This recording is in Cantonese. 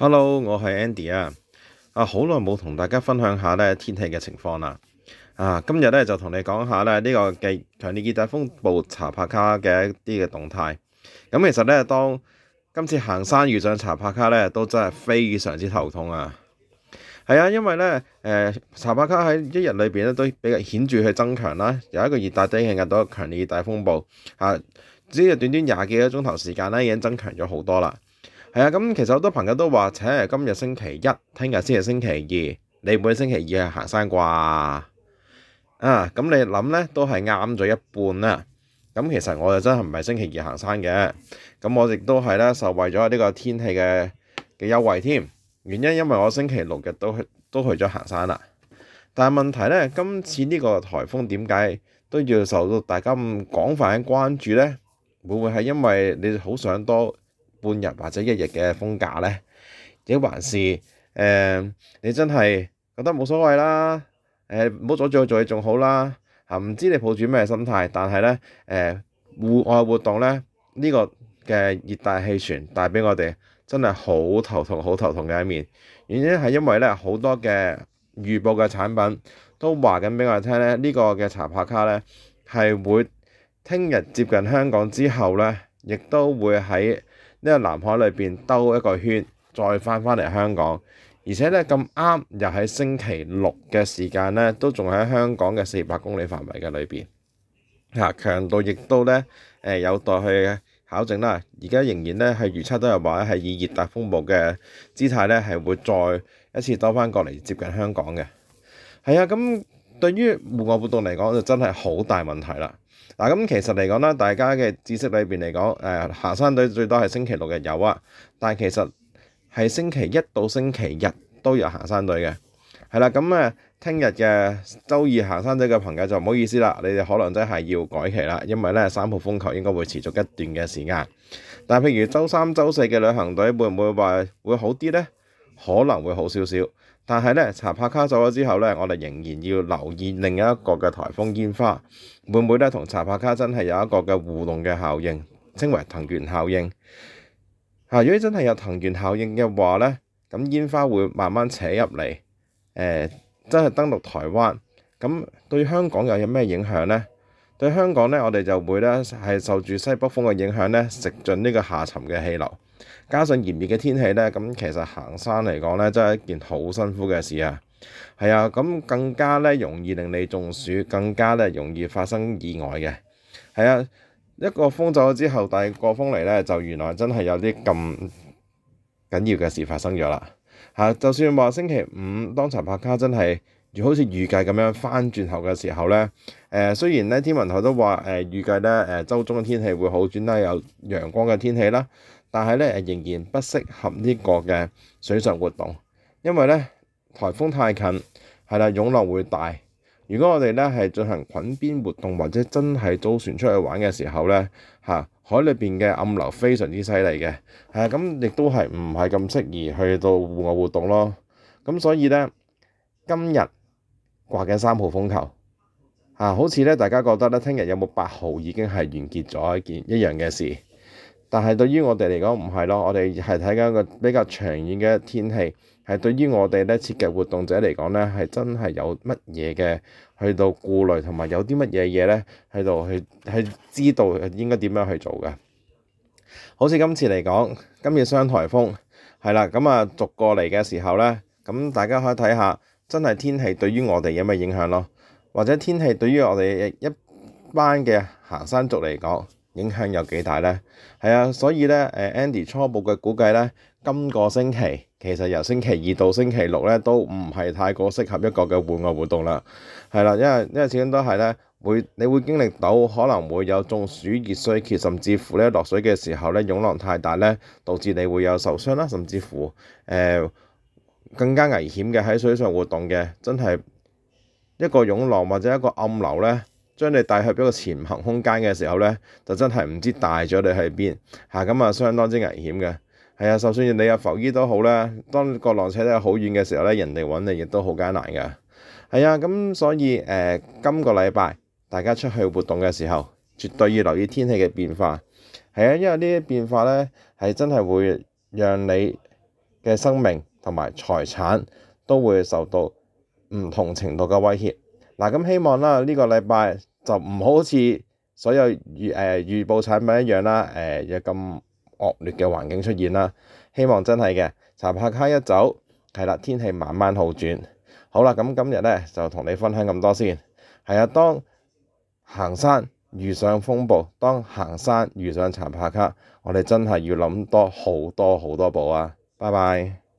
Hello，我係 Andy 啊！啊，好耐冇同大家分享下咧天氣嘅情況啦。啊，今日咧就同你講下咧呢個強烈熱帶風暴查帕卡嘅一啲嘅動態。咁、啊、其實咧，當今次行山遇上查帕卡咧，都真係非常之頭痛啊！係啊，因為咧誒、呃，查帕卡喺一日裏邊咧都比較顯著去增強啦，有一個熱帶低氣壓到強烈熱帶風暴啊，只係短短廿幾個鐘頭時間啦，已經增強咗好多啦。係啊，咁其實好多朋友都話：切，今日星期一，聽日先係星期二，你每星期二係行山啩。啊，咁你諗咧都係啱咗一半啦。咁其實我就真係唔係星期二行山嘅，咁我亦都係咧受惠咗呢個天氣嘅嘅優惠添。原因因為我星期六日都去都去咗行山啦。但係問題咧，今次呢個颱風點解都要受到大家咁廣泛嘅關注咧？會唔會係因為你好想多？半日或者一日嘅風假呢，亦還是誒、呃，你真係覺得冇所謂啦？誒、呃，唔好阻住我做嘢仲好啦。嚇、啊，唔知你抱住咩心態，但係呢誒，戶、呃、外活動呢，呢、這個嘅熱帶氣旋帶俾我哋真係好頭痛、好頭痛嘅一面。原因係因為呢好多嘅預報嘅產品都話緊俾我哋聽咧，呢、這個嘅查帕卡呢，係會聽日接近香港之後呢，亦都會喺，呢個南海裏邊兜一個圈，再翻返嚟香港，而且咧咁啱又喺星期六嘅時間咧，都仲喺香港嘅四百公里範圍嘅裏邊，嚇，強度亦都咧誒、呃、有待去考證啦。而家仍然咧係預測都係話係以熱帶風暴嘅姿態咧係會再一次兜翻過嚟接近香港嘅。係啊，咁對於戶外活動嚟講就真係好大問題啦。嗱，咁其實嚟講啦，大家嘅知識裏邊嚟講，誒、呃、行山隊最多係星期六日有啊，但係其實係星期一到星期日都有行山隊嘅。係啦，咁誒聽日嘅周二行山隊嘅朋友就唔好意思啦，你哋可能真係要改期啦，因為咧三號風球應該會持續一段嘅時間。但譬如周三周四嘅旅行隊會唔會話會好啲咧？可能會好少少。但係咧，查帕卡走咗之後咧，我哋仍然要留意另一個嘅颱風煙花，會唔會咧同查帕卡真係有一個嘅互動嘅效應，稱為藤原效應。嚇！如果真係有藤原效應嘅話咧，咁煙花會慢慢扯入嚟，誒，真係登陸台灣。咁對香港又有咩影響咧？對香港咧，我哋就會咧係受住西北風嘅影響咧，食進呢個下沉嘅氣流。加上炎熱嘅天氣咧，咁其實行山嚟講咧，真係一件好辛苦嘅事啊。係啊，咁更加咧容易令你中暑，更加咧容易發生意外嘅。係啊，一個風走咗之後，第二個風嚟咧就原來真係有啲咁緊要嘅事發生咗啦。嚇、啊，就算話星期五當查帕卡真係好似預計咁樣翻轉頭嘅時候咧，誒、呃、雖然咧天文台都話誒、呃、預計咧誒週中嘅天氣會好轉啦，有陽光嘅天氣啦。但係咧，仍然不適合呢個嘅水上活動，因為咧颱風太近，係啦，湧浪會大。如果我哋咧係進行滾邊活動，或者真係租船出去玩嘅時候咧，嚇海裏邊嘅暗流非常之犀利嘅，係啊，咁亦都係唔係咁適宜去到戶外活動咯。咁所以咧，今日掛緊三號風球，嚇好似咧大家覺得咧，聽日有冇八號已經係完結咗一件一樣嘅事。但係對於我哋嚟講唔係咯，我哋係睇緊一個比較長遠嘅天氣，係對於我哋咧設計活動者嚟講咧，係真係有乜嘢嘅，去到顧慮同埋有啲乜嘢嘢咧喺度去，去知道應該點樣去做嘅。好似今次嚟講，今日雙颱風係啦，咁啊逐個嚟嘅時候咧，咁大家可以睇下，真係天氣對於我哋有咩影響咯，或者天氣對於我哋一班嘅行山族嚟講。影響有幾大呢？係啊，所以呢，誒 Andy 初步嘅估計呢，今個星期其實由星期二到星期六呢，都唔係太過適合一個嘅戶外活動啦。係啦，因為因為始終都係呢，會你會經歷到可能會有中暑、熱衰竭，甚至乎呢落水嘅時候呢，湧浪太大呢，導致你會有受傷啦，甚至乎誒更加危險嘅喺水上活動嘅，真係一個湧浪或者一個暗流呢。將你帶去一個潛行空間嘅時候咧，就真係唔知帶咗你去邊嚇，咁啊相當之危險嘅。係啊，就算你有浮衣都好啦。當個浪扯得好遠嘅時候咧，人哋揾你亦都好艱難嘅。係啊，咁所以誒、呃，今個禮拜大家出去活動嘅時候，絕對要留意天氣嘅變化。係啊，因為呢啲變化咧，係真係會讓你嘅生命同埋財產都會受到唔同程度嘅威脅。嗱、啊，咁希望啦，呢、呢個禮拜。就唔好似所有預誒預報產品一樣啦，誒、呃、有咁惡劣嘅環境出現啦。希望真係嘅查帕卡一走，係啦天氣慢慢好轉。好啦，咁今日咧就同你分享咁多先。係啊，當行山遇上風暴，當行山遇上查帕卡，我哋真係要諗多好多好多步啊！拜拜。